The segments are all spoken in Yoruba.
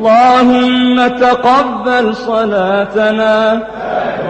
اللهم تقبل صلاتنا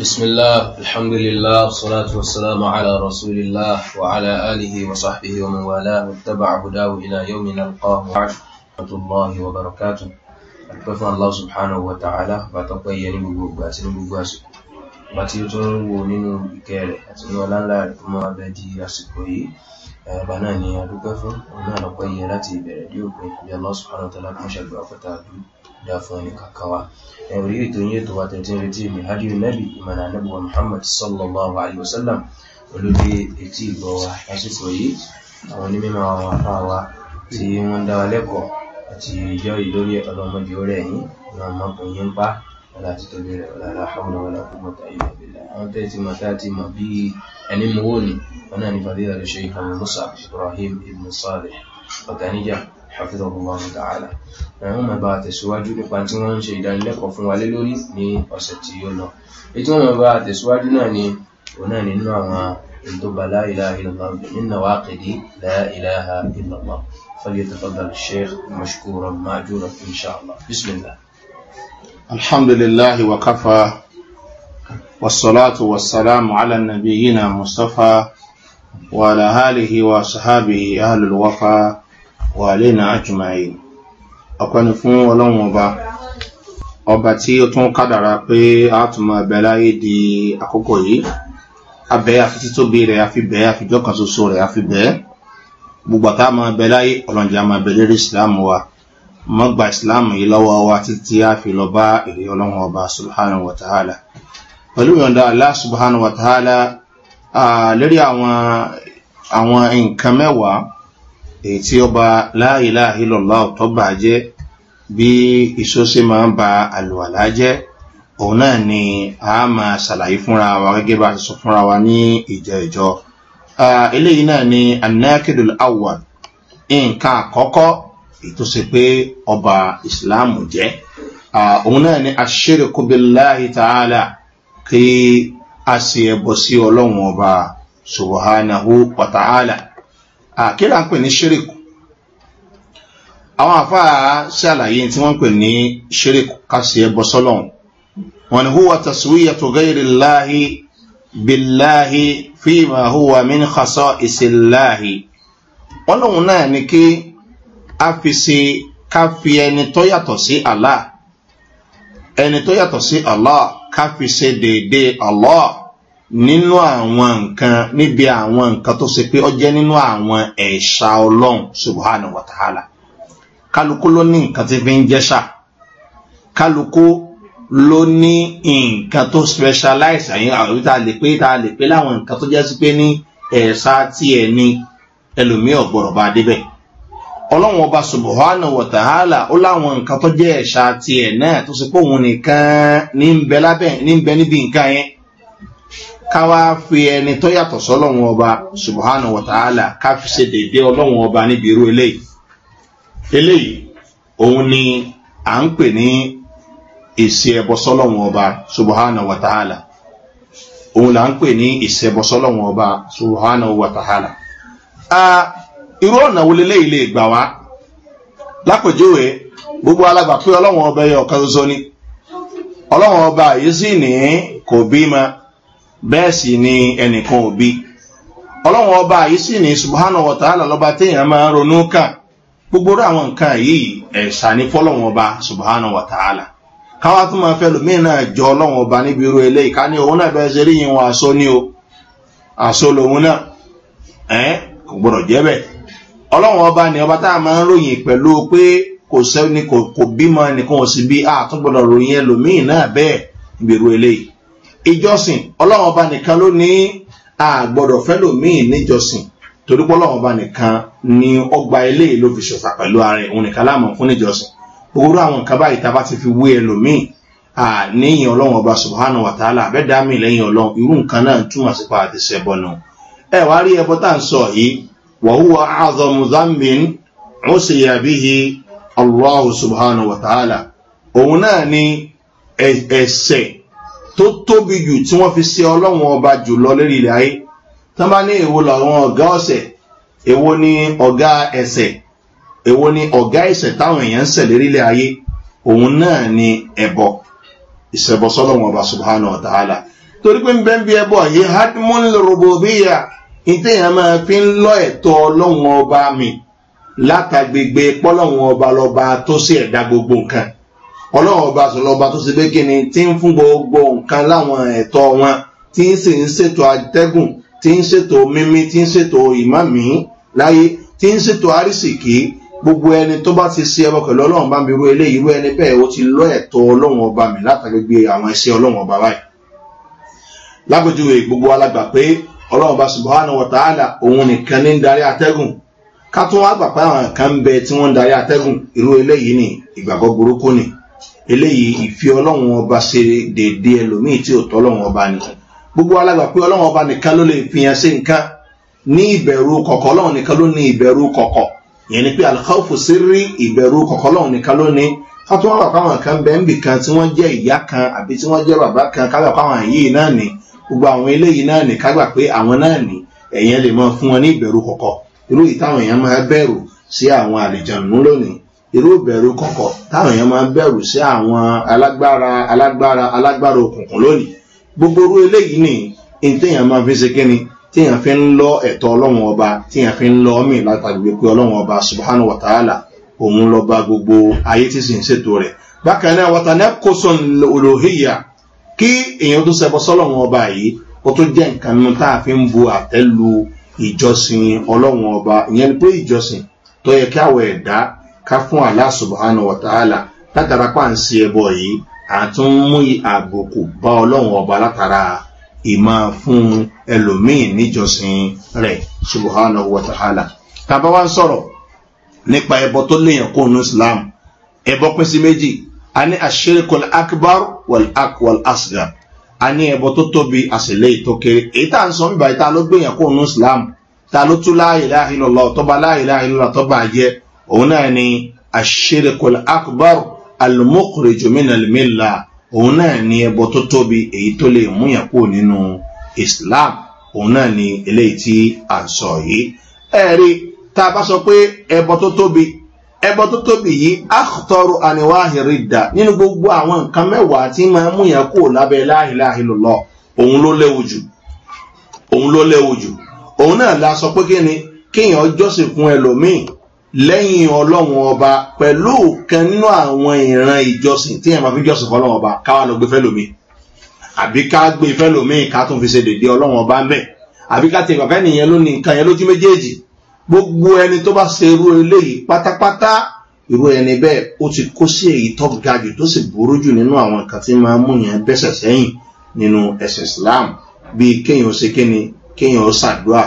بسم الله الحمد لله والصلاة والسلام على رسول الله وعلى آله وصحبه ومن والاه واتبع هداه إلى يوم نلقاه ورحمة الله وبركاته أتبفى الله سبحانه وتعالى وتقيني بقواس بقواس باتيوتون ونين كيري أتبفى لن لا أتبفى بدي أسكوهي بناني أتبفى ونين أتبفى لاتي بردي الله سبحانه وتعالى مشاكل وفتاة da fún ẹnìkàkàwà ẹ̀rọ yìí tó yẹ́ tó wà tẹ̀tẹ̀ retí mi hadiyu nabi ìmọ̀nà anábùwà muhammad sallallahu alaihi wasallam olóde etí ìgbọ̀ wa lásìkò yìí àwọn onímọ̀ àwọn afá wa tí wọ́n dá wa lẹ́kọ̀ọ́ àti ìjọ ìlórí ọlọ́mọdé orí ẹ̀yìn ní ọmọkùnrin ń pa láti tóbi rẹ̀ lára àwọn ọlọ́wọ́lá kó mọ̀ta ìlú ìbílẹ̀ àwọn tẹ́ ti mọ̀ tá ti mọ̀ bí ẹni mowó ni wọn náà ní fàdílà lè ṣe ìkànnì musa ibrahim ibn saleh ọ̀gáníjà حفظه الله تعالى àwọn máa bá tẹ̀síwájú nípa tí wọ́n ń ṣe ìdánilẹ́kọ̀ọ́ fún wa lé lórí ní ọ̀sẹ̀ tí ó lọ èyí tí wọ́n máa bá tẹ̀síwájú náà ni òun náà nínú àwọn ìdọ́gba la ilaha illallah min nawaqidi la ilaha illallah falyatafaddal sheikh mashkuran ma'juran inshallah bismillah alhamdulillah wa kafa والصلاة والسلام على نبينا مصطفى وعلى آله وصحابه أهل الوفا wà lè nà àjùmáyé ọ̀pẹ́ni fún ọlọ́run ọba ọba tí ó tún kádàrá pé a tún di àkókò yìí abẹ àfi títóbi rẹ àfi bẹ àfijọ́ kan ṣoṣo rẹ àfi bẹ gbogbo àtà máa bẹ láyé ọlọ́njà máa bẹ lérí wa mọ́ gba islam yìí lọ́wọ́ wa títí a fi lọ bá èrè ọlọ́run ọba subhanahu wa ta'ala pẹ̀lú ìyọ̀nda allah subhanahu wa ta'ala lérí àwọn nǹkan mẹ́wàá èyí tí ó ba láàyílá ìlọ́lá ọ̀tọ́ bà jẹ́ bí iṣó sí máa ń ba àlùwàlá jẹ́ òun náà ni a máa ṣàlàyé fúnra wa gẹ́gẹ́ bá ti sọ fúnra wa ní ìjọ ìjọ eléyìí náà ni anákìdùl awwal nǹkan àkọ́kọ́ ètò pé ọba ìsìláàmù jẹ́ òun náà ni aṣèrèkúbíláhi tààlà kí a sì ẹbọ sí ọlọ́run ọba subahánahu wa tààlà àkílà ń pè ní ṣíríkù àwọn àfáà ṣàlàyé tí wọ́n ń pè ní ṣíríkù kásì ẹbọ sọ́lọ́hún wọn ni huwa taswiya tó gẹ́rì láhi biláhi fíìmà huwa min khasọ́ ìsìláhi wọn lóun náà ni kí a fi ṣe ká fi ẹni tó yàtọ̀ sí allah ẹni tó yàtọ̀ sí allah ká fi ṣe déédéé allah nínú àwọn nǹkan níbi àwọn nǹkan tó ṣe pé ọ jẹ́ nínú àwọn ẹ̀ṣà ọlọ́run subhana wa ta'ala kálukú ló ní nǹkan tí fi ń jẹ́ṣà kálukú ló ní nǹkan tó specialize àyìn àwọn tá a lè pé tá a lè pé láwọn nǹkan tó jẹ́ sí pé ní ẹ̀ṣà tiẹ̀ ni ẹlòmíì ọ̀gbọ̀rọ̀ bá débẹ̀ ọlọ́run ọba subhana wa ta'ala ó láwọn nǹkan tó jẹ́ ẹ̀ṣà tiẹ̀ náà tó ṣe pé òun nìkan ní ń bẹ níbi nǹkan yẹn ká wá fi ẹni tó yàtọ̀ sọ́lọ́run ọba subahana wàtàhálà ká fi ṣe dédé ọlọ́run ọba níbi irú eléyìí eléyìí òun ni à ń pè ní ìṣe ẹbọ sọ́lọ́run ọba subahana wàtàhálà òun là ń pè ní ìṣe ẹbọ sọ́lọ́run ọba gbogbo alágbà ọlọ́run ọba yẹ ọ̀kan ṣoṣo ni ọlọ́run ọba bẹ́ẹ̀ sì ni ẹnìkan òbí ọlọ́run ọba yìí sì ní subhanahu wa ta'ala lọ́ba téèyàn máa ronú kà gbogbo àwọn nǹkan yìí ẹ̀ṣà ní fọlọ́run ọba subhanahu wa ta'ala káwá tó máa fẹ́ lómi náà jọ ọlọ́run ọba níbi irú òun náà bẹ́ẹ̀ ṣe rí yín wọn aṣọ o aṣọ lòun náà kò jẹ́ bẹ́ẹ̀ ọlọ́run ọba ni máa ń ròyìn pẹ̀lú pé kò sẹ́ni kò ìjọsìn ọlọ́run ọba nìkan ló ní àgbọ̀dọ̀ fẹ́lòmíì níjọsìn torí pé ọlọ́run ọba nìkan ni ọgbà ilé ló fi ṣòfà pẹ̀lú ara òun nìkan láàmú fún níjọsìn gbogbo àwọn nǹkan báyìí tá a bá ti fi wé ẹlòmíì níyìn ọlọ́run ọba subhana lẹ́yìn ọlọ́run irú nǹkan náà túmọ̀ sí pa àti náà ẹ wá rí ẹbọ tá à ń sọ yìí wàhùwà ó sì yàbí tó tóbi jù tí wọ́n fi ṣe ọlọ́run ọba jù lọ lérí ilẹ̀ ayé tán bá ní èwo làwọn ọ̀gá ọ̀sẹ̀ èwo ni ọ̀gá ẹ̀sẹ̀ èwo ni ọ̀gá ẹ̀sẹ̀ táwọn èèyàn ń sẹ̀ lérí ilẹ̀ ayé òun náà ni ẹ̀bọ ìṣẹ̀bọ sọ́lọ́run ọba subhanahu wa ta'ala torí pé ń bẹ́ ẹbọ yìí hadmon robobiya ìtẹ̀yàn máa fi ń lọ ẹ̀tọ́ ọlọ́run ọba mi látàgbègbè pọ́lọ́run ọba lọ́ba tó sí ẹ̀dá gbogbo nǹkan ọlọ́run ọba sọ̀rọ̀ ọba tó ṣe pé kí ni tí ń fún gbogbo nǹkan láwọn ẹ̀tọ́ wọn tí ń sì ń ṣètò àtẹ́gùn tí ń ṣètò mímí tí ń ṣètò ìmọ̀mí láyé tí ń ṣètò àrísìkí gbogbo ẹni tó bá ti ṣe ẹbọ pẹ̀lú ọlọ́run bá mi ru eléyìí irú ẹni bẹ́ẹ̀ ó ti lọ ẹ̀tọ́ ọlọ́run ọba mi látàgbégbé àwọn iṣẹ́ ọlọ́run ọba báyìí. lápèjúwe gbogbo alágbà pé ọlọ́run ọba subahana wa ta'ala òun nìkan ní darí atẹ́gùn ká tún wá gbà pé àwọn kan ń bẹ tí wọ́n ń darí atẹ́gùn irú eléyìí ni ìgbàgbọ́ burúkú ni eléyìí ìfi ọlọ́run ọba ṣe déédéé ẹlòmíì tí ò tọ́ ọlọ́run ọba ni gbogbo alágbà pé ọlọ́run ọba nìkan ló lè fihàn sí nǹkan ní ìbẹ̀rù kọ̀kọ̀ ọlọ́run nìkan ló ní ìbẹ̀rù kọ̀kọ̀ ìyẹn ni pé alikawufu sí rí ìbẹ̀rù kọ̀kọ̀ ọlọ́run nìkan ló ní kátó wọn bàbá àwọn kan bẹ́ẹ̀ nbì kan tí wọ́n jẹ́ ìyá kan àbí tí wọ́n jẹ́ bàbá kan kágbà pé àwọn yìí náà ni gbogbo àwọn eléyìí náà ni kágbà pé àwọn náà ni ẹ̀yẹn lè máa fún wọn ní ìbẹ̀rù kọ̀kọ̀ irú ìtàwọn èèyàn máa bẹ̀rù sí àwọn àlejò lónìí irú bẹ̀rù kọ̀kọ̀ táwọn èèyàn máa ń bẹ̀rù sí àwọn alágbára alágbára alágbára òkùnkùn lónìí gbogbo orú eléyìí ni ìtẹ̀yàn máa fi ṣe kíni tíyàn fi ń lọ ẹ̀tọ́ ọlọ́run ọba tíyàn fi ń lọ mí látàgbé pé ọlọ́run ọba subhanahu wa ta'ala òun lọ bá gbogbo ayé tí sì ń ṣètò rẹ̀ bákan náà wàtánà kò sọ olóhìyà kí èèyàn tó ṣẹbọ sọlọ́run ọba yìí ó tó jẹ́ nǹkan nínú tá a fi ń bu àtẹ́lu ìjọsìn ọlọ́run ọba ìyẹn ni pé ìjọsìn tó yẹ kí àwọ̀ ẹ̀dá ká fún allah subhanahu wa ta'ala látara pa ń se ẹbọ yìí àtún mú àbùkù bá ọlọ́run ọba látara ìmọ̀ fún ẹlòmíì níjọsìn rẹ̀ subhanahu wa ta'ala tàbá wá ń sọ̀rọ̀ nípa ẹbọ tó léèyàn kó nu islam ẹbọ pín sí méjì a ní àṣírikul akbar wal ak wal asgar a ní ẹbọ tó tóbi àṣìlẹ̀ tó kéré èyí tá à ń sọ bíbá yìí tá ló gbéyàn kó nu islam tá ló tú láàyè láàyè lọ́lọ́ tọ́ba láàyè láàyè lọ́lọ́ tọ́ba àjẹ́ òun náà ni àṣírikul akbar almukhrijo minal milla òun náà ni ẹbọ tó tóbi èyí tó lè múyàn kúrò nínú islam òun náà ni eléyìí tí à ń sọ yìí ẹ̀rí tá a bá sọ pé ẹbọ tó tóbi ẹbọ tó tóbi yìí akhtọrọ àníwáhìrì dà nínú gbogbo àwọn nǹkan mẹ́wàá tí máa ń múyàn kúrò lábẹ́ láhìláhì lọ́lọ́ òun ló léwu jù òun ló léwu jù òun náà la sọ pé kí ni kéèyàn jọ́sìn fún ẹlòmíì lẹ́yìn ọlọ́run ọba pẹ̀lú kan nínú àwọn ìran ìjọsìn tí yẹn máa fi jọsìn fọlọ́run ọba káwa lọ gbé fẹ́lòmíì àbí ká gbé fẹ́lòmíì ká tún fi ṣe dèdè ọlọ́run ọba ń bẹ̀ àbí ká ti ìgbàfẹ́ nìyẹn ló ní nǹkan yẹn lójú méjèèjì gbogbo ẹni tó bá ṣe irú eléyìí pátápátá irú ẹni bẹ́ẹ̀ ó ti kó sí èyí tó ga jù tó sì burú jù nínú àwọn nǹkan tí máa mú yẹn bẹ́sẹ̀ sẹ́yìn nínú ẹ̀sìn islam bíi kéèyàn ṣe kéèyàn ṣàdúrà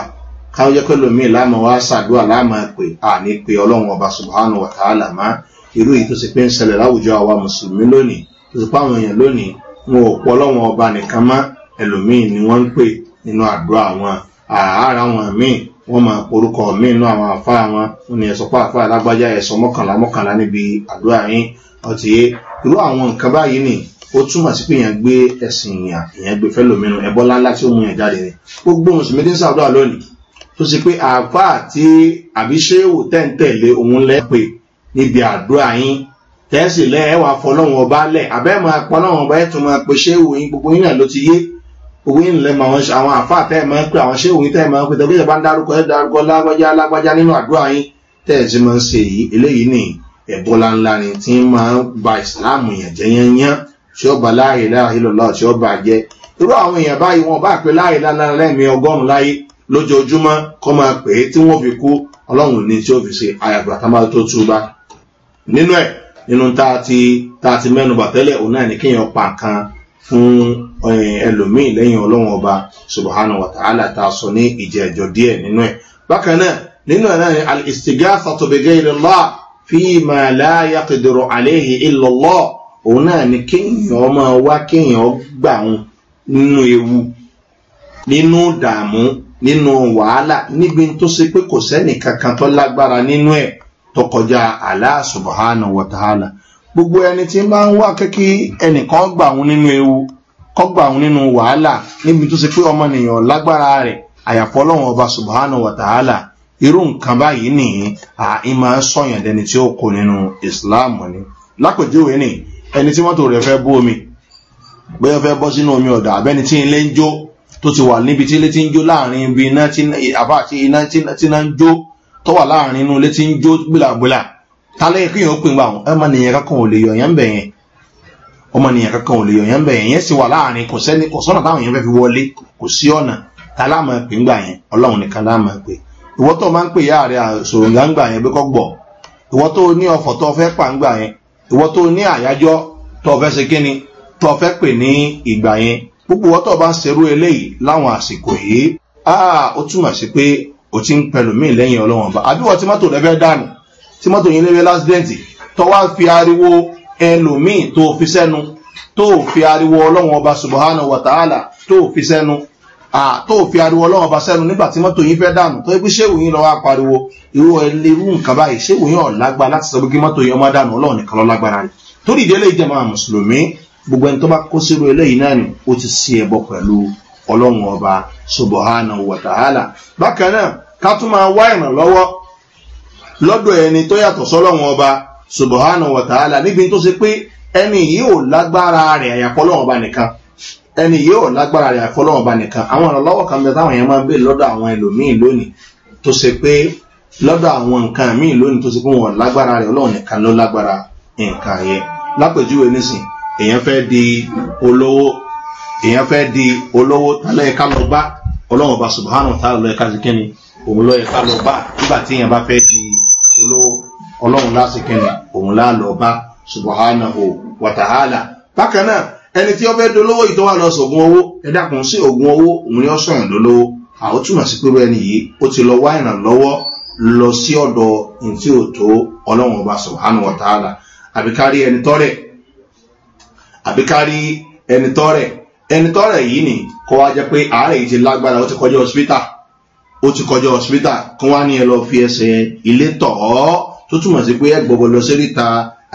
káwọn jẹ́ pé lómi láàmú wá ṣàdúrà láàmú pé àní pé ọlọ́run ọba subhanahu wa ta'ala má irú yìí tó ṣe pé ń ṣẹlẹ̀ láwùjọ àwa mùsùlùmí lónìí tó ṣe pé àwọn èèyàn lónìí wọn ò pọ̀ ọlọ́run ọba nìkan má ẹlòmíì ni wọ́n ń pè nínú àdúrà wọn àárá wọn míì wọ́n máa porúkọ míì nínú àwọn àfa wọn wọn ni ẹ̀sọ́ pàápàá alágbájá ẹ̀sọ́ mọ́kànlá mọ́kànlá níbi àdúrà yín ọtí irú àwọn nǹkan báyìí nì ó túmọ̀ sí pé èèyàn gbé ẹ̀sìn ìyàn ìyẹn gbé fẹ́ lòmínú ẹ̀bọ́lá ńlá tí ó mú yẹn jáde ni gbogbo mùsùlùmí dín sáà lónìí tó ṣe pé àáfàá tí àbíṣéwò tẹ̀ǹtẹ̀lé òun lẹ́pẹ̀ níbi àdúrà yín tẹ́sí lẹ́ ẹ wà fọlọ́run ọba lẹ̀ àbẹ́ máa pọlọ́run ọba ẹ̀ tún máa pe ṣéwò yín gbogbo yín náà ló ti yé owó yín lẹ́ mọ àwọn àáfàá tẹ́ ẹ máa ń pè àwọn ṣéwò yín tẹ́ ẹ máa ń pè tẹ́bí ìjọba ń dárúkọ ẹ dárúkọ lágbájá lágbájá nínú àdúrà yín tẹ́ máa ń ṣe èyí eléyìí nìyí ẹ̀bọ́lá ni tí ń máa ń ba ìsìláàmù yẹn jẹ́ yányán ba láàyè láàyè lọ́lá tí ó bà jẹ́ lójoojúmọ́ kọ́ máa pè é tí wọ́n fi kú ọlọ́run ní tí ó fi ṣe àyàgbà tá máa tó túba nínú ẹ̀ nínú tá a ti tá a ti mẹ́nuba tẹ́lẹ̀ òun náà ní kéèyàn pa kan fún ẹlòmíì lẹ́yìn ọlọ́run ọba subahana wa ta'ala tá a sọ ní ìjẹ́jọ́ díẹ̀ nínú ẹ̀ bákan náà nínú ẹ̀ náà ni al-istighatha bẹ̀gẹ́ fi máa láàyà kìdìrò àléhì ìlọ́lọ́ òun náà ni kéèyàn máa wá kéèyàn gbà nínú ewu nínú dààmú nínú wàhálà níbi tó ṣe pé kò sẹ́nì kankan tó lágbára nínú ẹ̀ tó kọjá Allah subhanahu gbogbo ẹni tí ń bá ń wá kékí ẹnìkan gbà nínú ewu kọ́ gbà nínú wàhálà níbi tó ṣe pé ọmọnìyàn lágbára rẹ̀ àyàfọ́ ọlọ́run ọba subhanahu irú nǹkan báyìí máa ń sọ̀yàn dẹni tí nínú Islam ni lápèjúwe ni ẹni tí mọ́tò rẹ̀ fẹ́ omi bóyá tó ti wà níbi tí ilé ti ń jó láàrin ibi iná tí àbá àti iná tí iná ń jó tó wà láàrin inú ilé tí ń jó gbìlàgbìlà ta lẹ́yìn kí yẹn ó pin gbà wọn ọmọ nìyẹn kankan ò lè yọ yẹn ń bẹ̀ yẹn ọmọ nìyẹn kankan ò lè yọ yẹn ń bẹ̀ yẹn yẹn sì wà láàrin kò sẹ́ni kò sọ́nà táwọn yẹn fẹ́ fi wọlé kò sí ọ̀nà ta láàmú pè ńgbà yẹn ọlọ́run nìkan láàmú pè ìwọ tó máa ń pè yá rẹ àṣòròǹgà ńgbà yẹn bí kò gbọ̀ ìwọ tó ní ọ̀fọ̀ tó fẹ́ pa ńgbà yẹn ìwọ tó ní àyájọ́ tó fẹ́ ṣe kíni tó fẹ́ pè ní ìgbà yẹn gbogbo wọ́tọ̀ bá ń serú eléyìí láwọn àsìkò yìí áà ó túmọ̀ sí pé o ti ń pẹ̀lú mí lẹ́yìn ọlọ́wọ́n bá àbí wọ́n ti mọ́tò rẹ fẹ́ dànù tí mọ́tò yín léwé lásìdẹ́ǹtì tó wá fi ariwo ẹlòmíì tó fi sẹ́nu tó fi ariwo ọlọ́wọ́n ọba subahana wàtàhálà tó fi sẹ́nu tó fi ariwo ọlọ́wọ́n ọba sẹ́nu nígbà tí mọ́tò yín fẹ́ dànù tó pé ṣéwù yín lọ́wọ́ gbogbo ẹni tó bá kó sírò eléyìí náà ni ó ti sí ẹbọ pẹ̀lú ọlọ́run ọba subhanahu wa ta'ala bákan náà ká tún máa wá ìrànlọ́wọ́ lọ́dọ̀ ẹni tó yàtọ̀ sọ́lọ́run ọba subhanahu wa ta'ala níbi tó ṣe pé ẹni yìí ò lágbára rẹ̀ àyàfọ́lọ́run ọba nìkan ẹni yìí ò lágbára rẹ̀ àyàfọ́lọ́run ọba nìkan àwọn ìrànlọ́wọ́ kan bẹ táwọn yẹn máa ń bè lọ́dọ̀ àwọn ẹlòmíín lónìí tó ṣe pé lọ́dọ̀ àwọn nǹkan míì lónìí tó ṣe pé wọn lágbára rẹ̀ ọlọ́run nìkan ló lágbára nǹkan yẹn lápèjúwe nísìnyí èèyàn fẹ́ di olówó èèyàn fẹ́ di olówó tálẹ̀ ká lọ bá ọlọ́run ọba subhanahu ta'ala lọ́ọ́ ẹ̀ka síkẹ́ni òun lọ ẹ̀ka lọ bá nígbà tí èèyàn bá fẹ́ di olówó ọlọ́run lásìkẹ́ni òun lá lọ bá bákan náà ẹni tí wọ́n fẹ́ dolówó lọ owó ẹ̀dá kan sí ògùn owó òun ni ó sọ̀rọ̀ dolówó àwọn túmọ̀ sí pé lọ wá ìrànlọ́wọ́ lọ sí ọlọ́run ọba subhanahu wa ta'ala àbíkárí àbí kárí ẹni tọ́rẹ̀ ẹni tọ́rẹ̀ yìí ni kọ́ wá jẹ́ pé àárẹ̀ yìí ti lágbára ó ti kọjá hospital ó ti kọjá hospital kí wọ́n á ní ẹ lọ fi ẹsẹ̀ ilé tọ̀ ọ́ tó túmọ̀ sí pé ẹ gbọ́gbọ́ lọ sí ríta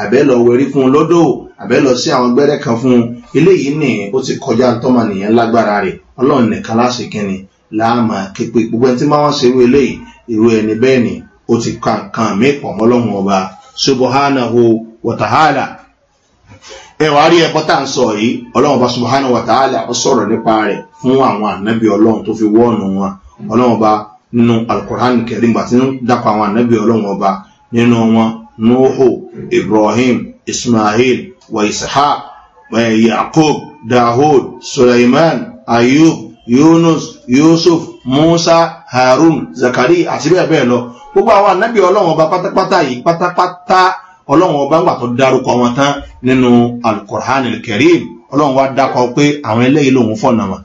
àbẹ́ lọ wẹrí fún un lọ́dọ̀ àbẹ́ lọ sí àwọn gbẹ́rẹ́ kan fún un eléyìí ni ó ti kọjá tọ́mọ nìyẹn lágbára rẹ̀ ọlọ́run nìkan láṣẹ kínni láàmà képe gbogbo ẹni tí máa wá ṣe irú eléyìí irú ẹni bẹ́ẹ̀ ni ó ti kàn kàn mí pọ̀ mọ́lọ́run ọba subahánahu wàtàhálà ẹwà rí ẹbọ tá à ń sọ yìí ọlọ́run bá subhanahu wa ta'ala ó sọ̀rọ̀ nípa rẹ̀ fún àwọn ànábì ọlọ́run tó fi wọ́ọ̀nù wọn ọlọ́run bá nínú alukur'an kẹrin gbà tí ń dàpọ̀ àwọn ànábì ọlọ́run ọba nínú wọn nuhu ibrahim ismail wa isha yaqub dahud suleiman ayub yunus yusuf musa harun zakari àti bẹ́ẹ̀ bẹ́ẹ̀ lọ gbogbo àwọn ànábì ọlọ́run ọba pátápátá yìí pátápátá ọlọ́run ọba ń gbà tó dárúkọ wọn tán nínú alukur'an karim ọlọ́run wá dákọ pé àwọn eléyìí lòun fọ̀nà wọn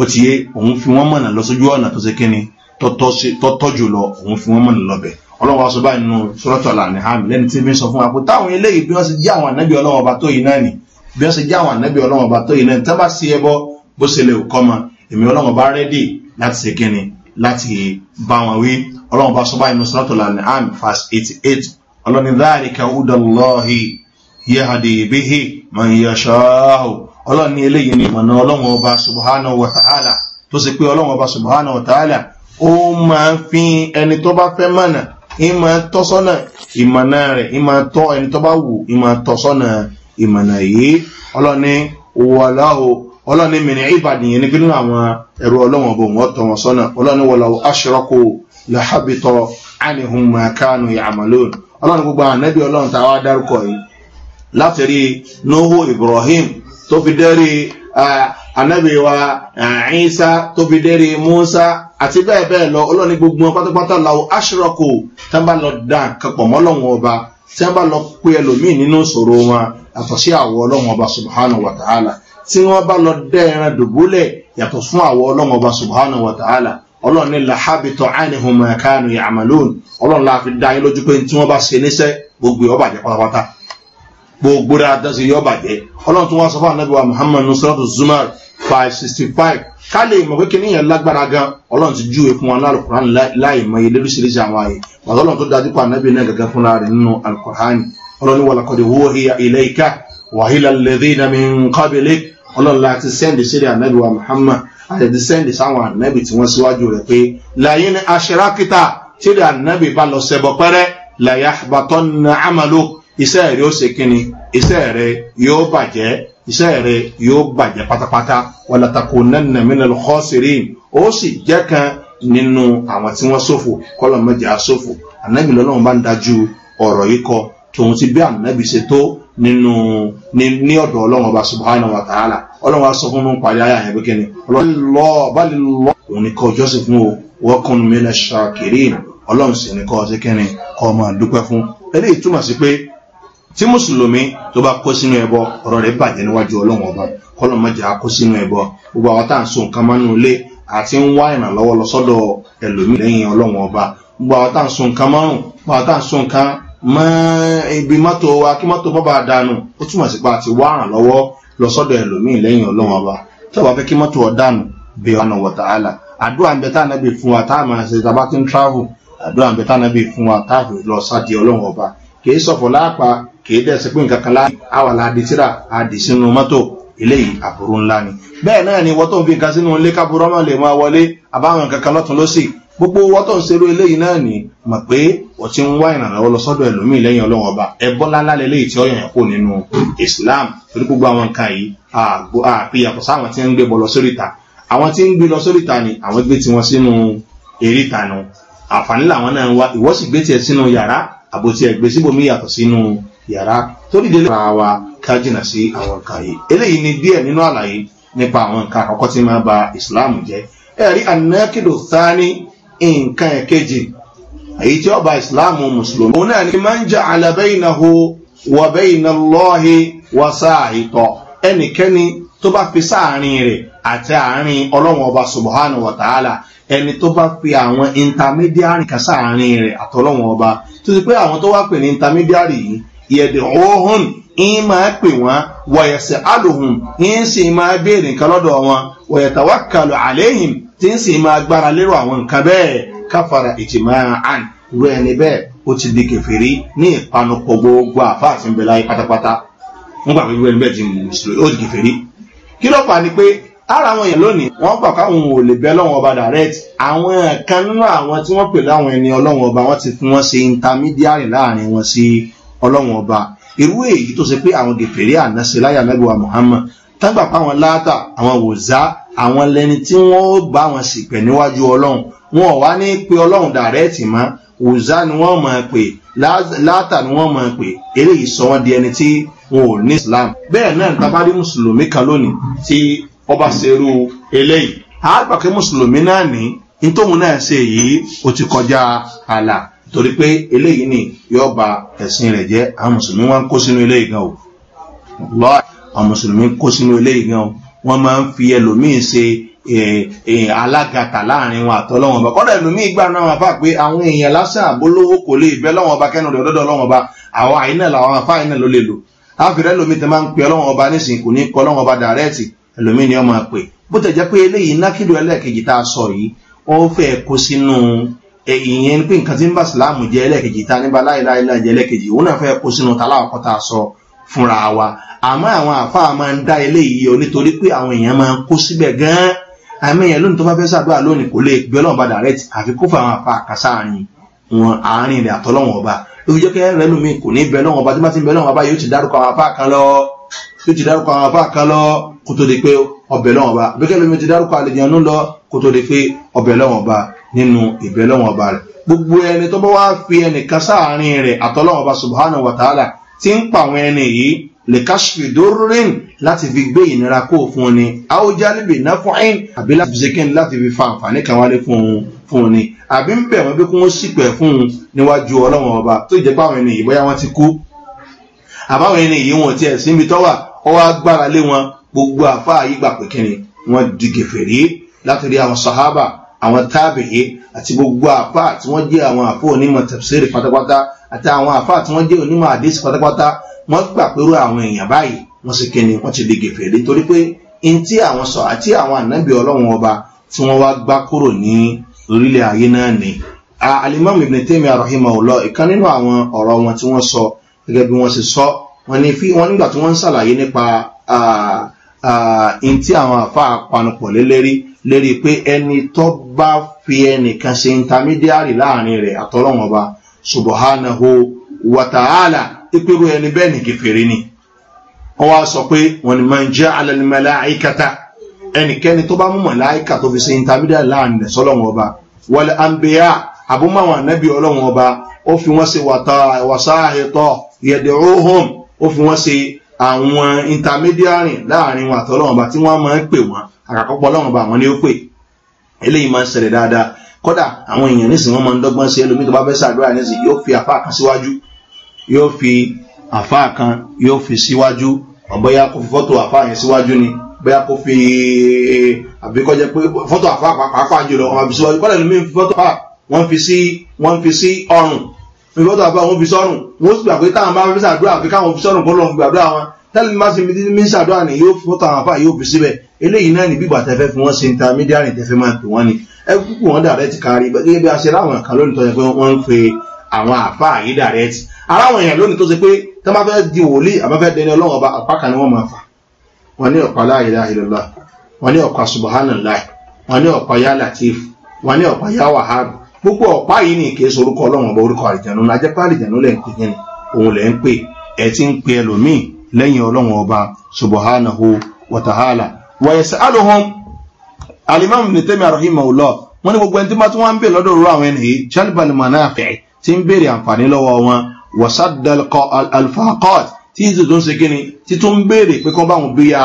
ó ti yé òun fi wọ́n mọ̀nà lọ sójú ọ̀nà tó ṣe kíni tọ́tọ́ jùlọ òun fi wọ́n mọ̀nà lọ́bẹ̀ ọlọ́run wá sọ báyìí nínú sọ́rọ́tọ̀ làní hàmì lẹ́ni tí mi sọ fún wa pé táwọn eléyìí bí wọ́n ṣe jẹ́ àwọn ànábì ọlọ́run ọba tó yìí náà nì bí wọ́n ṣe jẹ́ àwọn ànábì ọlọ́run ọba tó yìí náà tẹ́ bá sí ẹbọ bó ṣe lè kọ́ ma èmi ọlọ́run ọba rẹ́dì láti ṣe kíni láti bá wọn wí ọlọ́run ọba sọ báyìí nínú sọ́rọ́tọ̀ làní hàmì fas eighty eight ọlọ́ni dáàríkà húdà lọ́hìí yahdi bihi man yasha'u ọlọ́run ní eléyìí ni ìmọ̀nà ọlọ́run ọba subhanahu wa ta'ala tó sì pé ọlọ́run ọba subhanahu wa ta'ala ó máa ń fi ẹni tó bá fẹ́ mọ̀nà ìmọ̀ tọ́sọ́nà ìmọ̀nà rẹ̀ ìmọ̀ tọ́ ẹni tó bá wù ìmọ̀ tọ́sọ́nà ìmọ̀nà yìí ọlọ́run ní wàláhù ọlọ́run ní mìíràn ìbàdàn yẹn ní pé nínú àwọn ẹ̀rọ ọlọ́run ọba òun ọ̀tọ̀ wọn sọ́nà ọlọ́run láti rí nuhu ibrahim tó fi dẹ́rí anabiwa isa tó fi dẹ́rí musa àti bẹ́ẹ̀ bẹ́ẹ̀ lọ ọlọ́ni gbogbo pátápátá lawo aṣọ́rọ̀kù tí wọ́n bá lọ dá nǹkan pọ̀ mọ́ lọ́wọ́ ọba tí wọ́n bá lọ pé ẹlòmíì nínú ìṣòro wọn yàtọ̀ sí àwọ̀ ọlọ́wọ́ ọba subhanahu wa ta'ala tí wọ́n bá lọ dẹ́ ẹran dùbúlẹ̀ yàtọ̀ fún àwọ̀ ọlọ́wọ́ ọba subhanahu wa ta'ala ọlọ́run ní làhábìtọ̀ àìníhùn mẹ́kánù yàmàlóòn ọlọ́run láàfin dá yín lójú pé tí wọ́n bá ṣe níṣẹ́ gbogbo ọbàjẹ́ pátápátá gbogbo dáadáa sí yọ bàjẹ́ ọlọ́run tó wá sọ fún anabi wa muhammad nusratu zumar five sixty five ká lè mọ̀ pé kíní yẹn lágbára gan ọlọ́run ti júwe fún wa ní alukur'an láì mọ iye lóríṣiríṣi àwọn ààyè wàtí ọlọ́run tó dájú pa anabi náà gẹ́gẹ́ fúnra rẹ̀ nínú alukur'an ọlọ́run ní wàlàkọ́dé wó hiya ilé ika wàhílà lẹ́dínà mi nkábílẹ̀ ọlọ́run láti sẹ́ndì sílẹ̀ anabi wa àti ti sẹ́ndì sáwọn anabi tí wọ́n síwájú rẹ̀ pé láyé ni aṣerákítà tílẹ̀ anabi bá lọ sẹ́bọ̀ pẹ́rẹ́ láyé àbátọ́ ní amalo iṣẹ́ rẹ ó ṣe kíni iṣẹ́ rẹ yóò bàjẹ́ iṣẹ́ rẹ yóò bàjẹ́ pátápátá wàlàtàkù nánà mìíràn lọ́sẹ̀rẹ̀ ó sì jẹ́ kan nínú àwọn tí wọ́n ṣòfò kọ́lọ̀ mẹ́jẹ̀ á ṣòfò ànábì lọ́lọ́run bá ń dájú ọ̀rọ̀ yìí kọ tòun ti bí ànábì ṣe tó nínú ní ọ̀dọ̀ ọlọ́run ọba subahana wa ta'ala ọlọ́run wa sọ fún un parí ayé àyẹ̀wò kíni ọlọ́run lọ báli lọ òun ni kọ́ jọ́sìn sì fún eléyìí túmọ̀ tí mùsùlùmí tó bá kó sínú ẹbọ ọ̀rọ̀ rẹ̀ bàjẹ́ níwájú ọlọ́run ọba kọ́lọ̀ mọjà kó sínú ẹbọ gbogbo àwọn tá à ń nǹkan ilé àti ń wá ìrànlọ́wọ́ lọ sọ́dọ̀ ẹlòmíì lẹ́yìn ọlọ́run ọba gbogbo àwọn tá à ń nǹkan gbogbo àwọn tá à ń nǹkan ibi wa kí mọ́tò bọ́ bá dànù ó túmọ̀ sí pa àti wá lọ ẹlòmíì ọba tí ọ kì í dẹ̀ sí pé nǹkan kan láàyè àwà láàdì tíra àdì sínú mọ́tò eléyìí àbúrú ńlá ni bẹ́ẹ̀ náà ni wọ́n tó ń fi nǹkan sínú ilé kábúrọ́ mọ̀ lè máa wọlé àbáwọn nǹkan kan lọ́tún lọ́sì gbogbo wọ́n ń serú eléyìí náà ni mọ̀ pé wọ́n ti ń wá ìrànlọ́wọ́ lọ sọ́dọ̀ ẹlòmíì lẹ́yìn ọlọ́wọ́ ọba ẹbọ́ lálá lélẹ́yìí tí ó yàn nínú islam torí gbogbo àwọn nǹkan yìí àpéyàtọ̀ sáwọn tí ń gbé bọ́ lọ sóríta àwọn tí ń gbé lọ sóríta ni àwọn gbé tiwọn sínú eríta nu àǹfààní làwọn náà ń wá ìwọ́sì gbé tiẹ̀ sínú yàrá àbòtí ẹ̀ gbé síbòmí yàtọ̀ sínú yàrá torí délé ara wa ká jìnà sí àwọn nǹkan yìí eléyìí ni díẹ̀ nínú àlàyé nípa àwọn nǹkan àkọ́kọ́ tí máa ba ìsìláàmù jẹ́ ẹ̀rí anákìlò sáání nǹkan ẹ̀kejì èyí tí ó ba ìsìláàmù mùsùlùmí òun náà ni máa ń jà àlàbẹ́ ìnáwó wọ̀bẹ́ ìnáwọ́hí wọ́sá àìtọ́ ẹnikẹ́ni tó bá fi sáàrin rẹ̀ àti àárín ọlọ́run ọba subuhana wàtàhálà ẹni tó bá fi àwọn intermediary kan sáàrin rẹ̀ àtọ́lọ́run ọba tó ti pé àwọn tó wá pè ní intermediary yìí yẹ̀dẹ̀hóhùn ń máa pè wọ́n wọ̀yẹ̀sẹ̀ alùhùn ń sì máa béèrè nǹkan lọ́dọ̀ wọn wọ̀yẹ̀tàwá kalù àléhìn tí ń sì máa gbára lérò àwọn nǹkan bẹ́ẹ̀ káfara ìtìmọ̀ àn rú ẹni bẹ́ẹ̀ ó ti di kẹfìrí ní ìpanupọ̀ gbogbo àfáàsì ń bẹ láyé pátápátá ń gbà pé irú ẹni bẹ́ẹ̀ ti mú mùsùlùmí ó di kẹfìrí. kí ló fà ni pé ara àwọn èèyàn lónìí wọn gbà káwọn ò lè bẹ ọlọ́wọ́n ọba direct àwọn kan nínú àwọn tí wọ́n pè láwọn ẹni ọlọ́wọ́n ọba wọn ti fi wọn ṣe intermediary láàrin wọn sí ọlọ́run ọba irú èyí tó ṣe pé àwọn gèfèrè ànáṣe mẹ́gbẹ̀wá muhammad tágbà pa àwọn láàtà àwọn wòzá àwọn lẹni tí wọ́n bá wọn sì pẹ̀ níwájú ọlọ́run wọn ò wá ní pé ọlọ́run dàrẹ́ẹ̀tì mọ́ wòzá ni wọ́n mọ̀ pé láàtà ni wọ́n mọ̀ pé eléyìí sọ wọ́n di ẹni tí wọn ò ní islam bẹ́ẹ̀ náà tábàdí mùsùlùmí kan lónìí tí ọba ṣerú eléyìí àgbà pé mùsùlùmí náà ní nítòhun náà ṣe èyí ó ti kọjá ààlà torí pé eléyìí ni yóò ba ẹ̀sìn rẹ̀ jẹ́ àwọn mùsùlùmí wọn kó sínú eléyìí gan o lọ́ọ̀ àwọn mùsùlùmí kó sínú eléyìí gan o wọ́n máa ń fi ẹlòmíì ṣe alágàtà láàrin wọn àtọ́lọ́wọ́n ọba kọ́dà ẹlòmíì gbà náà wọn fà pé àwọn èèyàn lásán àbólówó kò lè bẹ́ lọ́wọ́n ọba kẹ́nu rẹ̀ ọ̀dọ́dọ̀ lọ́wọ́n ọba àwọn àyínà làwọn afá àyínà ló lè lò àfẹ́rẹ́ ẹlòmíì tẹ máa ń pe ọlọ́wọ́n ọba nísìnyí kò ní kọ́ ọlọ́wọ́n ọba dàrẹ́ẹ̀tì ẹlòmíì ni wọ́n máa pè bó tẹ̀ jẹ́ pé eléyìí nákìlú ẹlẹ́ẹ̀kejì tá a sọ yìí ó fẹ́ kó sínú E, ìyẹn pé nǹkan tí ń bá sìláàmù jẹ́ ẹlẹ́ẹ̀kejì ta nípa láìláìláì jẹ́ ẹlẹ́ẹ̀kejì òun náà fẹ́ kó sínú taláwọ̀kọ́ tá a sọ fúnra wa àmọ́ àwọn àfáà máa ń dá eléyìí yọ nítorí pé àwọn èèyàn máa ń kó síbẹ̀ gan-an àmì yẹn lónìí tó bá fẹ́ sàdúrà lónìí kò lè gbé ọlọ́run bá direct àfi kó fún àwọn àfáà kan sáàrin wọn àárín rẹ̀ àtọ́lọ́wọ̀n ọba ló fi jẹ́ kẹ́rẹ́ rẹ lómi kò ní bẹ lọ́wọ́n ọba tí bá ti bẹ lọ́wọ́n ọba yóò ti dárúkọ àwọn àfáà kan lọ yóò ti dárúkọ àwọn àfáà kan lọ kó tó di pé ọbẹ̀ lọ́wọ́n ọba bẹ́kẹ́ lómi ti dárúkọ àlejò ẹnu lọ kó tó di pé ọbẹ̀ lọ́wọ́n ọba nínú ìbẹ́lọ́wọ̀n ọba rẹ̀ gbogbo ẹni tó bá wá fi ẹnìkan sáàárín rẹ̀ àtọ́lọ́wọ̀n subhanahu wa ta'ala ti ń pa ẹni yìí lè káṣífì dórín láti fi gbé ìnira kó fún ni àwòjálìbì náfọ́ín àbí láti ṣe kíni láti fi fa àǹfààní kan wálé fún un ni àbí ń bẹ̀ wọ́n bí kí wọ́n ṣìpẹ̀ fún un níwájú ọlọ́wọ̀n ọba tó jẹ́ pé àwọn ẹni yìí bóyá wọ́n ti kú àbáwọn ẹni yìí wọn tiẹ̀ síbi tọ́wà ọwọ́ agbára lé wọn gbogbo àfáà yìí gbà pé kíni wọ́n di gèfèrí láti rí àwọn sàhábà àwọn tábìí àti gbogbo àfà tí wọ́n jẹ́ àwọn àfà onímọ̀ tafsiri pátápátá àti àwọn àfà tí wọ́n jẹ́ onímọ̀ àdísì pátápátá wọ́n gbà pẹ̀lú àwọn èèyàn báyìí wọ́n sì kíni wọ́n ti di gèfèrí torí pé in tí àwọn sọ àti àwọn ànábì ọlọ́run ọba tí wọ́n wá gbá kúrò ní orílẹ̀ ayé náà ni alimami ibn temi rahimahullah ìkan nínú àwọn ọ̀rọ̀ wọn tí wọ́n sọ gẹ́gẹ́ bí wọ́n ṣe sọ wọ́n nígbà tí wọ́n ń ṣàlàyé nípa in tí àwọn àfà panupọ̀ lélẹ́rí lérí pé ẹni tó bá fi ẹnìkan ṣe intermediary láàrin rẹ̀ àtọ́lọ́wọ́n ọba subahánahu wàtàhálà ìpérò ẹni bẹ́ẹ̀ ní kẹfẹ́rẹ́ ni wọ́n wá sọ pé wọ́n ni máa ń jẹ́ alẹ́nimẹ́lá àìkátá ẹnikẹ́ni tó bá mú mọ̀láìkà tó fi ṣe intermediary láàrin rẹ̀ sọ́lọ́wọ́n ọba wọlé àǹbẹ̀yà àbúmọ̀wọ̀n anábì ọlọ́wọ́n ọba ó fi wọ́n ṣe wàsáhìtọ̀ yẹ̀dẹ̀rọ̀hùn ó fi wọ́n ṣe àwọn intermediary láàrin wọn àtọ́lọ́wọ́n ọba tí wọ́n máa ń pè wọ́n àkàkọ́pọ̀ ọlọ́run bá àwọn ní ó pè eléyìí máa ń ṣẹlẹ̀ dáadáa kódà àwọn èèyàn nísìn wọn máa ń dọ́gbọ́n sí ẹlòmíì tó bá fẹ́ ṣàdúrà nísìn yóò fi àfáà kan síwájú yóò fi àfáà kan yóò fi síwájú ọ̀bọ̀yá kó fi fọ́tò àfáà yẹn síwájú ni bóyá kó fi àbí kó jẹ́ pé fọ́tò àfáà pàápàá jùlọ ọmọ àbí síwájú kódà ẹlòmíì fi fọ́tò àfáà wọ́n fi sí wọ́n fi sí ọrùn fi fọ́tò àfáà wọ́n fi sọ́rùn wọ́n sì gbà pé táwọn bá fẹ́ ṣàdúrà àfi káwọn fi sọ́rùn tẹ́lẹ̀ má sí mi ṣàdúrà ní yóò fọ́tà àwọn àfáà yóò fi síbẹ̀ eléyìí náà ní bíbà tẹ́fẹ́ fún wọn ṣe intermediary tẹ́fẹ́ máa pè wọ́n ni ẹ kúkú wọn direct kárí gẹ́gẹ́ bí a ṣe láwọn ẹ̀ka lónìí tó yẹ pé wọ́n ń pe àwọn àfáà yìí direct aláwọn èèyàn lónìí tó ṣe pé tẹ́ máa fẹ́ di wòlíì àmọ́ fẹ́ dẹni ọlọ́wọ́ ọba ọ̀pá kan ni wọ́n máa fà wọ́n ní ya latif wọ́n ya wahab gbogbo ni kì í sorúkọ ti ń pè ẹlòmíì lẹ́yìn ọlọ́run ọba subahánahu wàtàhálà wàyẹ̀sẹ̀ alùhùn alimami ní tẹ́mi àròhìn mọ̀ọ́lọ́ wọ́n ní gbogbo ẹni tí wọ́n ti wá ń bè lọ́dọ̀ rú àwọn ènìyàn jalbal manafi ti ń béèrè àǹfààní lọ́wọ́ wọn wasadalkọ alfaqat tí ìsì tó ń kíni tí tó ń béèrè pé kán báwọn bí ya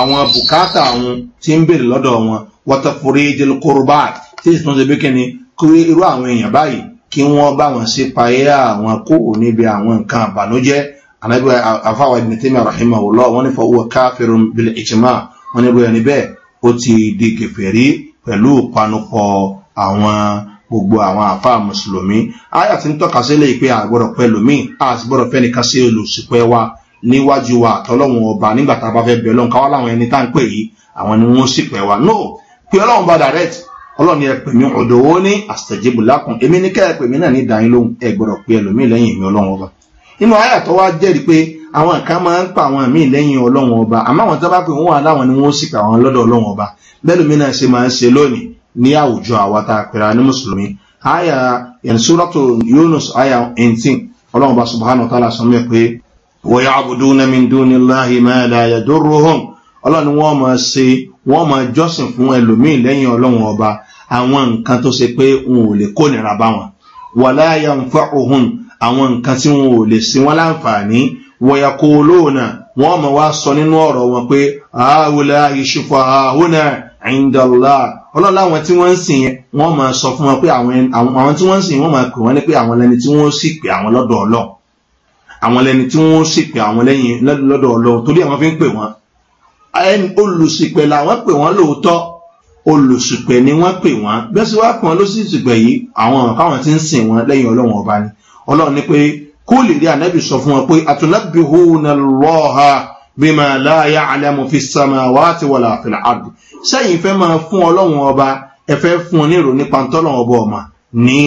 àwọn bùkátà àwọn tí ń béèrè lọ́dọ̀ wọn wọ́tàfúrí jẹlkọrọbát tí ń se bí kíni kí irú àwọn èèyàn báyìí kí wọ́n báwọn ṣe payé àwọn kó níbi àwọn nǹkan àbànújẹ́ anabi afawa ibn taymiya rahimahullah wọn ni fa huwa kafirun bil ijma wọn ni bóyá ni bẹ́ẹ̀ ó ti di kẹfẹrí pẹ̀lú panupọ̀ àwọn gbogbo àwọn afa mùsùlùmí aya ti ń tọ́ka sílẹ̀ ìpè àgbọ̀rọ̀ pẹ̀lú mi a sì gbọ́dọ̀ fẹ́ nìkan sí olùsìpẹ́ wa níwájú wa àtọ́lọ́wọ̀n ọba nígbà tá a bá fẹ́ bẹ̀ lọ́n káwá láwọn ẹni tá à ń pè yìí àwọn ni wọ́n sì pẹ́ wa no pé ọlọ́run bá direct ọlọ́run ni pè mí ọ̀dọ̀ wo ní àṣetẹ̀jẹ̀bù lákùn èmi ní kẹ́ ẹ pè mí náà ní ìdáyín lóhùn ẹ gbọ́dọ̀ pé ẹlòmíì lẹ́yìn èmi ọlọ́run ọba nínú àyà tó wá jẹ́rìí pé àwọn kan máa ń pa àwọn míì lẹ́yìn ọlọ́run ọba àmọ́ àwọn tó bá pè wọ́n wà láwọn ni wọ́n sì pa àwọn lọ́dọ̀ ọlọ́run ọba bẹ́ẹ̀ lómi náà ṣe máa ń ṣe lónìí ní àwùjọ àwa tá a pera ní mùsùlùmí àyà ìrìnsúrọ́tò yunus àyà 18 ọlọ́run ọba subahana tààlà sọ mẹ́ pé wọ́n yà àbùdó nàmíndó ní láàyè máa dá yàdúró hàn ọlọ́run wọ́n máa ṣe wọ́n máa jọ́sìn fún ẹlòmíì lẹ́yìn ọlọ́run ọba àwọn nǹkan tó ṣe àwọn nǹkan tí wọn ò lè sin wọn láǹfààní wọ̀yàkó olóòna wọ́n mọ̀ wá sọ nínú ọ̀rọ̀ wọn pé àáwòlá ìṣùfà àhónà àìndàlá ọlọ́lá àwọn tí wọ́n ń sìn yẹn wọ́n máa sọ fún wọn pé àwọn tí wọ́n ń sìn wọ́n máa pè wọ́n ní pé àwọn lẹni tí wọ́n sì pè àwọn lọ́dọ̀ ọlọ́ àwọn lẹni tí wọ́n sì pè àwọn lẹ́yìn lọ́dọ̀ ọlọ́ torí àwọn fi ń pè wọ́n olùsìpẹ̀ làwọn pè wọ́n lóòótọ́ olùsìpẹ̀ ni wọ́n pè wọ́n bẹ́ẹ̀ sì wá pọ̀ ló sì sìpẹ̀ àwọn káwọn ń sìn wọn lẹ́yìn ọlọ́wọ́n ọba ni ọlọ́run ni pé kó lè rí ànábì sọ fún wọn pé àtúnábìhó na lọ́ha bí máa láàyà àlẹ́mú fi sàmà wá ti wà láàfin àdù sẹ́yìn fẹ́ máa fún ọlọ́run ọba ẹ fẹ́ fún un ní ìròyìn pàǹtọ́lọ́run ọba ọ̀mà ní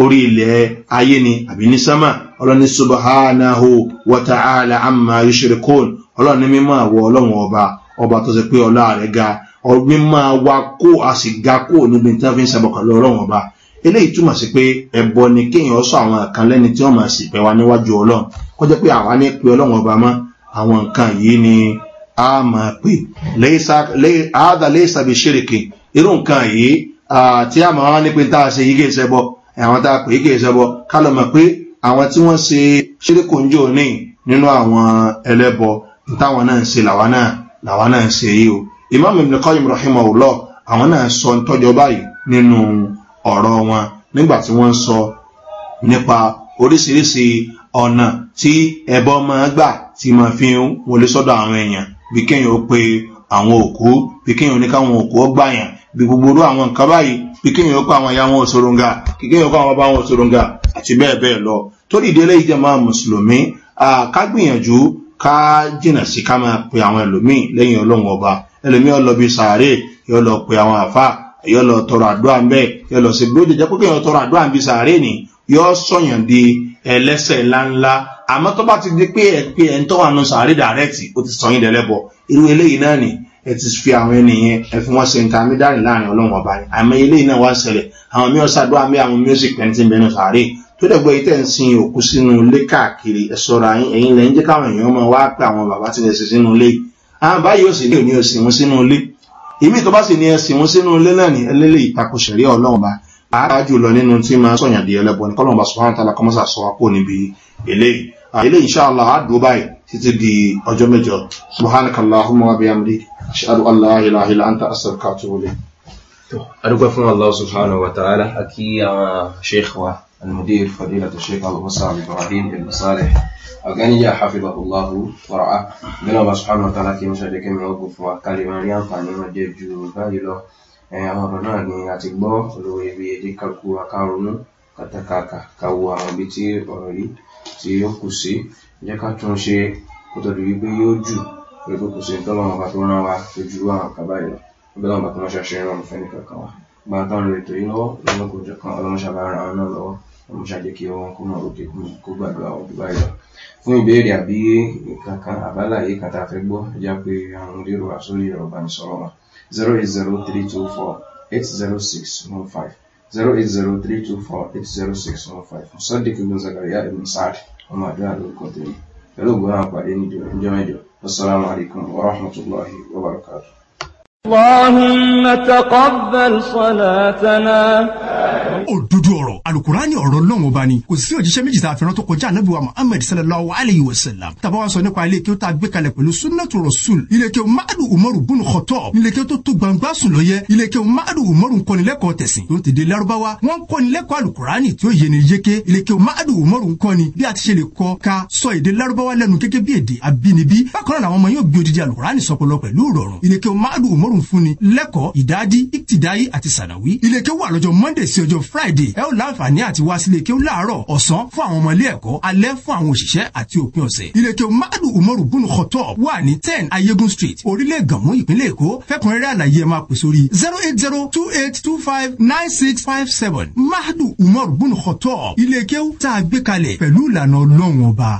orí ilẹ̀ ayé ni àbí ní sámà ọlọ́ni subahánahu wàtàhálà àmà yusirikun ọlọ́ni mímọ́ àwọ̀ ọlọ́run ọba ọba tó ṣe pé ọlá rẹ̀ ga mímọ́ wa kó a kó níbi tí wọ́n fi lọ́rọ̀ ọba eléyìí túmọ̀ sí pé ẹ̀bọ ni kéèyàn sọ àwọn kan lẹ́ni tí wọ́n máa sì pẹ́ wa níwájú ọlọ́run kó jẹ́ pé àwa ní pé ọlọ́run ọba mọ́ àwọn nǹkan yìí ni a máa pè áádà léèsà bíi ṣèrèké irú nǹkan yìí tí a máa wá ní pé tá a ṣe yíké ìṣẹ́bọ àwọn tá a pè yíké ìṣẹ́bọ ká lọ mọ̀ pé àwọn tí wọ́n ṣe ṣírìkò ń jò ní nínú àwọn ẹlẹ́bọ táwọn náà ń ṣe làwa náà ń ṣe yìí o imam ibn qayyim rahimahullah àwọn náà sọ ń tọ́jọ báyìí nínú ọ̀rọ̀ wọn nígbà tí wọ́n ń sọ nípa oríṣiríṣi ọ̀nà tí ẹbọ máa gbà tí máa fi ń wọlé sọ́dọ̀ àwọn èèyàn bí kéèyàn ó pe àwọn òkú bí kéèyàn ní káwọn òkú ó gbàyàn bí gbogbo orú àwọn nǹkan báyìí bí kéèyàn ó pa àwọn ìyá wọn òṣòròǹgà kí kéèyàn ó pa àwọn ọba wọn òṣòròǹgà àti bẹ́ẹ̀ bẹ́ẹ̀ lọ torí ìdílé yìí jẹ́ máa mùsùlùmí ká gbìyànjú ká jìnà sí ká máa pe àwọn ẹlòmíì lẹ́yìn ọlọ́run ọba ẹlòmíì ọlọ́bí sàárè yóò lọ pe àwọn àfáà yọ lọ tọrọ àdúrà ń bẹ yọ lọ sí lóde jẹ pé yọ tọrọ àdúrà ń bi sàárè ni yọ sọyàn di ẹlẹsẹ ńláńlá àmọ tó bá ti di pé ẹ pé ẹ ń tọwọ àánú sàárè dàrẹtì ó ti sọyìn dẹlẹbọ irú eléyìí náà ni ẹ ti fi àwọn ènìyàn ẹ fi wọn ṣe nǹkan amídárì láàrin ọlọrun ọba ni àmọ eléyìí náà wá ń ṣẹlẹ àwọn mi ọsàdúrà mi àwọn music pẹntin bẹnu sàárè tó dẹ̀gbọ́ yìí tẹ̀ ń sin òkú sínú ilé káàkiri ẹ̀ṣọ́ra ẹ̀yin lẹ́yìn jẹ́ káwọn èèyàn máa wá pé àwọn bàbá ti lè ṣe sínú ilé yìí àwọn báyìí ó sì ní òní òsì wọn sínú ilé èmi tó bá sì ní ẹsìn wọn sínú ilé náà ní ẹlẹ́lẹ́ ìtakò ṣẹ̀rí ọlọ́run bá pàápàá jùlọ nínú tí máa sọ̀yàn di ẹlẹ́bọn ní kọ́lọ́mù bá sọ fáwọn tálà kọ́mọ́sà sọ wákò níbi eléyìí eléyìí ṣáàlà àdó báyìí títí di ọjọ́ mẹ́jọ subhanakallahumma wa bihamdi ashhadu an la ilaha illa anta astaghfiruka wa atubu adúgbò fún allah subhanahu wa ta'ala àti àwọn sheikh wa المدير فضيلة الشيخ أبو موسى إبراهيم المصالح أغنية حفظه الله ورعاه بنا سبحانه وتعالى كي مشاهدة كم يوقف وكلمة ينفعني مجيب جوباني له àwọn ọ̀rọ̀ náà ni a ti gbọ́ olórí ibi èdè kakú akárònú kàtàkàkà káwo àwọn ibi tí ọ̀rọ̀ yìí tí ó kù sí jẹ́ ká tún ṣe kó tó di wípé yóò jù pé kò sí tọ́lọ́mọ bá tó rán wa lójú àwọn àkàbà ìlọ ọbẹ̀lọ́mọ bá tó ránṣẹ́ ṣe rán fẹ́ni kankan wa gbọ́n tán lórí ètò yìí lọ́wọ́ lọ́wọ́ kò jẹ́ kan ọlọ́mọṣàbá ara náà lọ́wọ́ olùṣàjẹ́ kí ọwọ́n kó náà òkè kú kó gbàdúrà ọdún báyìí lọ fún ìbéèrè àbí nǹkan kan àbálàyé kan tá a fẹ́ gbọ́ ẹja pé àwọn lérò àsórí ẹ̀rọ ìbánisọ̀rọ̀ wa zero eight zero three two four eight zero six one five zero eight zero three two four eight zero six one five sọ́dẹ̀ kí gbọ́nzàgàrí àdéhùn sáàdì ọmọ àdúrà lórúkọ tèmi pẹ̀lú ògbóná àpàdé níjọ ìjọ mẹ́jọ wasalaamu alaykum wa rahmatulahi wa barakatu. اللهم تقبل صلاتنا òdodo ọ̀rọ̀ alukurani ọ̀rọ̀ lọ́wọ́ bá ni kò sí òjíṣẹ́ méjì tá a fẹ́ràn tó kọjá anabi wa muhammed sallallahu alayhi wa sallam tàbá wa sọ nípa ilé kí ó tá gbé kalẹ̀ pẹ̀lú sunnatu rasul ilé kí ó madu umaru bun kọtọ ilé kí ó tó tó gbangba sùn lọ yẹ ilé kí ó madu umaru nkọnilẹ́kọ̀ọ́ tẹ̀sìn tó ń tẹ̀dé larubawa wọn kọnilẹ́kọ̀ọ́ alukurani tí ó yẹ ni yeke ilé kí ó madu umaru nkọni bí a ti ṣe lè kọ ka sọ èdè larubawa lẹnu gẹ́gẹ́ bí èdè abínibí bákan náà àwọn ọmọ yóò gbé odidi alukurani sọpọlọ pẹ̀lú rọrùn ilé kí ó madu umaru fúnni lẹ́kọ̀ọ́ ìdádi ìtìdáyé àti sànàwí ilé kí ó wà lọ́jọ́ monday sí ọjọ́ friday ẹ ó láǹfààní àti wá sílé kí ó láàárọ̀ ọ̀sán fún àwọn ọmọ ilé ẹ̀kọ́ alẹ́ fún àwọn òṣìṣẹ́ àti òpin ọ̀sẹ̀ ìlẹ̀kẹ̀ madu umaru bunu kọtọ wà ní ten ayégun street orílẹ̀ gànmú ìpínlẹ̀ èkó fẹ́kùnrẹ́rẹ́ àlàyé ẹ máa pè sórí zero eight zero two eight two five nine six five seven madu umaru bunu kọtọ ìlẹ̀kẹ̀ tá a gbé kalẹ̀ pẹ̀lú ìlànà ọlọ́run ọba.